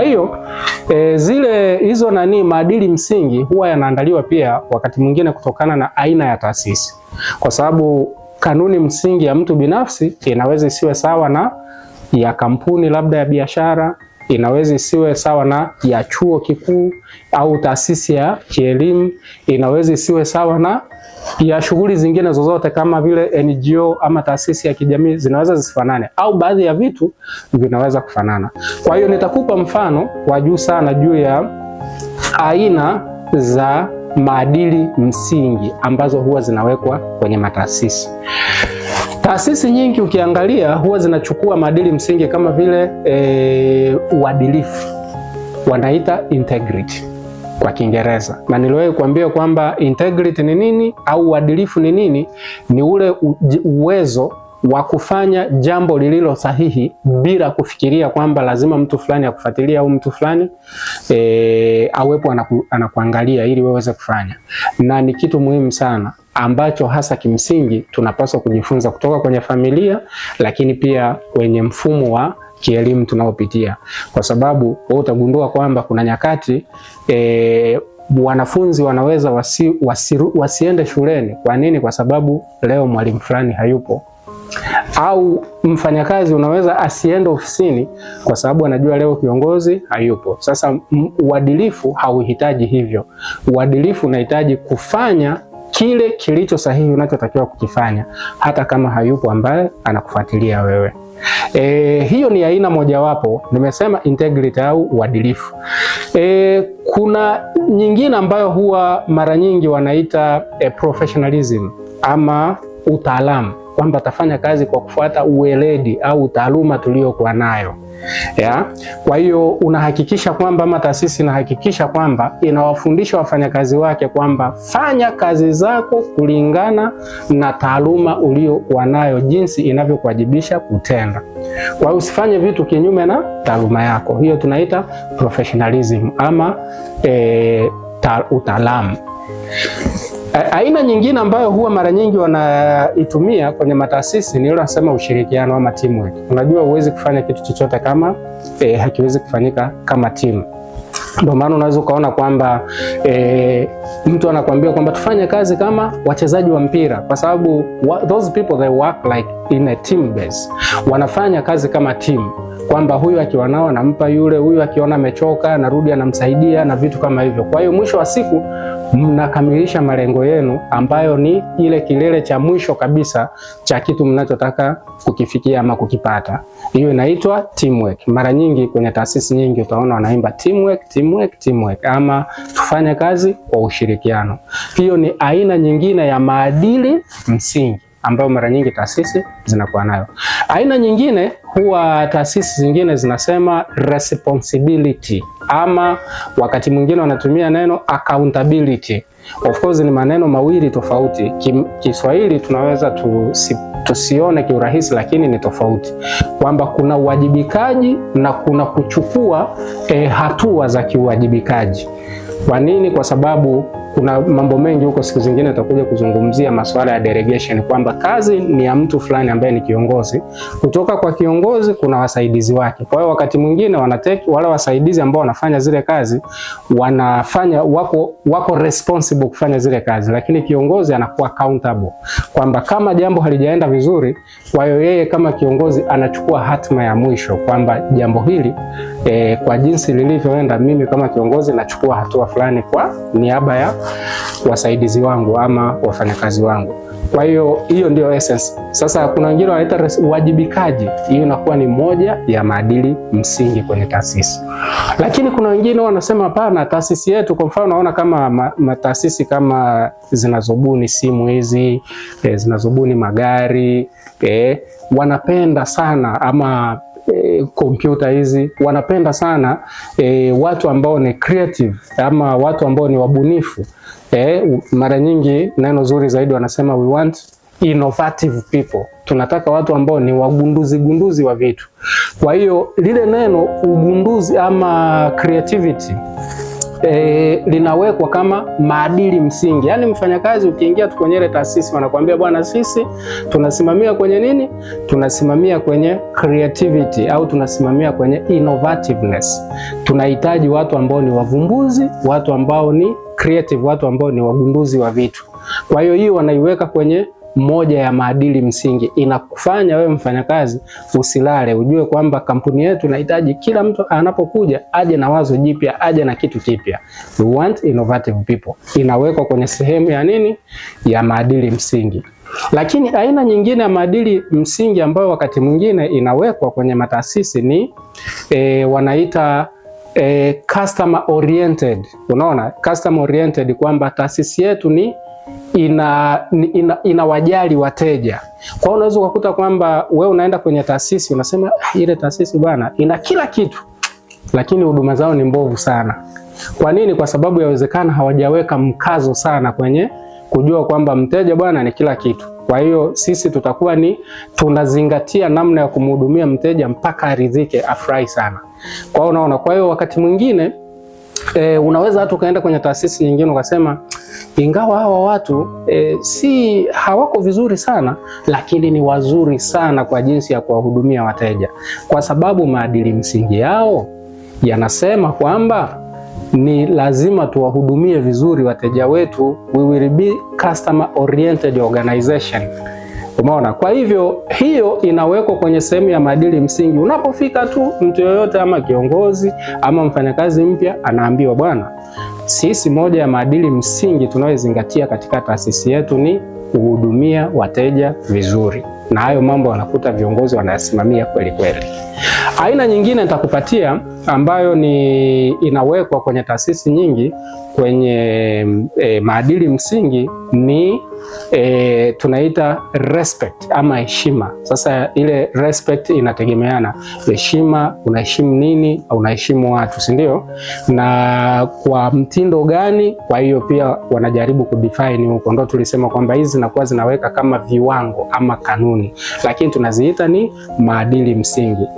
Kwa hiyo e, zile hizo nani maadili msingi huwa yanaandaliwa pia wakati mwingine kutokana na aina ya taasisi, kwa sababu kanuni msingi ya mtu binafsi inaweza isiwe sawa na ya kampuni labda ya biashara inaweza isiwe sawa na ya chuo kikuu au taasisi ya kielimu, inaweza isiwe sawa na ya shughuli zingine zozote kama vile NGO ama taasisi ya kijamii zinaweza zisifanane, au baadhi ya vitu vinaweza kufanana. Kwa hiyo nitakupa mfano wa juu sana juu ya aina za maadili msingi ambazo huwa zinawekwa kwenye mataasisi. Taasisi nyingi ukiangalia huwa zinachukua maadili msingi kama vile e, uadilifu wanaita integrity kwa Kiingereza, na niliwahi kuambia kwamba integrity ni nini au uadilifu ni nini? Ni ule uwezo wa kufanya jambo lililo sahihi bila kufikiria kwamba lazima mtu fulani akufuatilie au mtu fulani e, awepo anaku, anakuangalia ili weweze kufanya, na ni kitu muhimu sana ambacho hasa kimsingi tunapaswa kujifunza kutoka kwenye familia, lakini pia kwenye mfumo wa kielimu tunaopitia, kwa sababu wewe utagundua kwamba kuna nyakati e, wanafunzi wanaweza wasi, wasi, wasiende shuleni. Kwa nini? Kwa sababu leo mwalimu fulani hayupo, au mfanyakazi unaweza asiende ofisini kwa sababu anajua leo kiongozi hayupo. Sasa uadilifu hauhitaji hivyo. Uadilifu unahitaji kufanya kile kilicho sahihi unachotakiwa kukifanya, hata kama hayupo ambaye anakufuatilia wewe. E, hiyo ni aina mojawapo, nimesema integrity au uadilifu. E, kuna nyingine ambayo huwa mara nyingi wanaita e, professionalism ama utaalamu kwamba atafanya kazi kwa kufuata uweledi au taaluma tuliyokuwa nayo ya. Kwa hiyo unahakikisha kwamba ama taasisi inahakikisha kwamba inawafundisha wafanyakazi wake kwamba fanya kazi zako kulingana na taaluma uliyokuwa nayo, jinsi inavyokuwajibisha kutenda. Kwa hiyo usifanye vitu kinyume na taaluma yako, hiyo tunaita professionalism ama e, ta, utaalamu. Eh, aina nyingine ambayo huwa mara nyingi wanaitumia kwenye mataasisi ni ile nasema ushirikiano ama teamwork. Unajua huwezi kufanya kitu chochote kama eh, hakiwezi kufanyika kama timu. Ndio maana unaweza ukaona kwamba e, mtu anakuambia kwamba tufanye kazi kama wachezaji wa mpira, kwa sababu those people they work like in a team base, wanafanya kazi kama team kwamba huyu akiwa nao anampa yule, huyu akiona amechoka anarudi anamsaidia na vitu kama hivyo. Kwa hiyo mwisho wa siku mnakamilisha malengo yenu, ambayo ni ile kilele cha mwisho kabisa cha kitu mnachotaka kukifikia ama kukipata. Hiyo inaitwa teamwork. Mara nyingi kwenye taasisi nyingi utaona wanaimba teamwork, teamwork teamwork, teamwork ama tufanye kazi kwa ushirikiano. Hiyo ni aina nyingine ya maadili msingi ambayo mara nyingi taasisi zinakuwa nayo. Aina nyingine huwa taasisi zingine zinasema responsibility, ama wakati mwingine wanatumia neno accountability. Of course ni maneno mawili tofauti. Kiswahili tunaweza tusip tusione kiurahisi, lakini ni tofauti kwamba kuna uwajibikaji na kuna kuchukua eh, hatua za kiuwajibikaji. Kwa nini? Kwa sababu kuna mambo mengi huko. Siku zingine tutakuja kuzungumzia masuala ya delegation, kwamba kazi ni ya mtu fulani ambaye ni kiongozi. Kutoka kwa kiongozi kuna wasaidizi wake. Kwa hiyo wakati mwingine wanatake wale wasaidizi ambao wanafanya zile kazi, wanafanya wako wako responsible kufanya zile kazi, lakini kiongozi anakuwa accountable kwamba kama jambo halijaenda vizuri, kwa hiyo yeye kama kiongozi anachukua hatima ya mwisho kwamba jambo hili eh, kwa jinsi lilivyoenda, mimi kama kiongozi nachukua hatua fulani kwa niaba ya wasaidizi wangu ama wafanyakazi wangu. Kwa hiyo hiyo ndio essence. Sasa kuna wengine wanaita uwajibikaji, hiyo inakuwa ni moja ya maadili msingi kwenye taasisi, lakini kuna wengine wanasema hapana, taasisi yetu, kwa mfano naona kama mataasisi kama zinazobuni simu hizi e, zinazobuni magari e, wanapenda sana ama eh, kompyuta e, hizi wanapenda sana e, watu ambao ni creative ama watu ambao ni wabunifu Eh, mara nyingi neno zuri zaidi wanasema we want innovative people. Tunataka watu ambao ni wagunduzi gunduzi wa vitu. Kwa hiyo lile neno ugunduzi ama creativity E, linawekwa kama maadili msingi. Yaani mfanyakazi ukiingia tu kwenye ile taasisi wanakuambia bwana, sisi tunasimamia kwenye nini? Tunasimamia kwenye creativity au tunasimamia kwenye innovativeness. Tunahitaji watu ambao ni wavumbuzi, watu ambao ni creative, watu ambao ni wagunduzi wa vitu. Kwa hiyo hii wanaiweka kwenye moja ya maadili msingi, inakufanya wewe mfanyakazi usilale, ujue kwamba kampuni yetu inahitaji kila mtu anapokuja aje na wazo jipya, aje na kitu kipya. We want innovative people. Inawekwa kwenye sehemu ya nini, ya maadili msingi. Lakini aina nyingine ya maadili msingi ambayo wakati mwingine inawekwa kwenye mataasisi ni e, wanaita eh, customer oriented. Unaona, customer oriented kwamba taasisi yetu ni ina ina, ina wateja. Kwa hiyo unaweza ukakuta kwamba we unaenda kwenye taasisi unasema, ah, ile taasisi bwana ina kila kitu, lakini huduma zao ni mbovu sana. Kwa nini? Kwa sababu yawezekana hawajaweka mkazo sana kwenye kujua kwamba mteja bwana ni kila kitu. Kwa hiyo sisi tutakuwa ni tunazingatia namna ya kumhudumia mteja mpaka aridhike, afurahi sana. Kwa hiyo unaona, kwa hiyo wakati mwingine e, unaweza hata ukaenda kwenye taasisi nyingine ukasema ingawa hawa watu e, si hawako vizuri sana lakini ni wazuri sana kwa jinsi ya kuwahudumia wateja, kwa sababu maadili msingi yao yanasema kwamba ni lazima tuwahudumie vizuri wateja wetu. We will be customer oriented organization. Umeona? Kwa hivyo hiyo inawekwa kwenye sehemu ya maadili msingi. Unapofika tu mtu yoyote ama kiongozi ama mfanyakazi mpya anaambiwa, bwana, sisi moja ya maadili msingi tunayozingatia katika taasisi yetu ni kuhudumia wateja vizuri na hayo mambo wanakuta viongozi wanayasimamia kweli kweli. Aina nyingine nitakupatia ambayo ni inawekwa kwenye taasisi nyingi kwenye e, maadili msingi ni e, tunaita respect ama heshima. Sasa ile respect inategemeana, heshima, unaheshimu nini? Unaheshimu watu, si ndio? Na kwa mtindo gani? Kwa hiyo pia wanajaribu kudefine huko, ndo tulisema kwamba hizi zinakuwa zinaweka kama viwango ama kanuni kanuni, lakini tunaziita ni maadili msingi.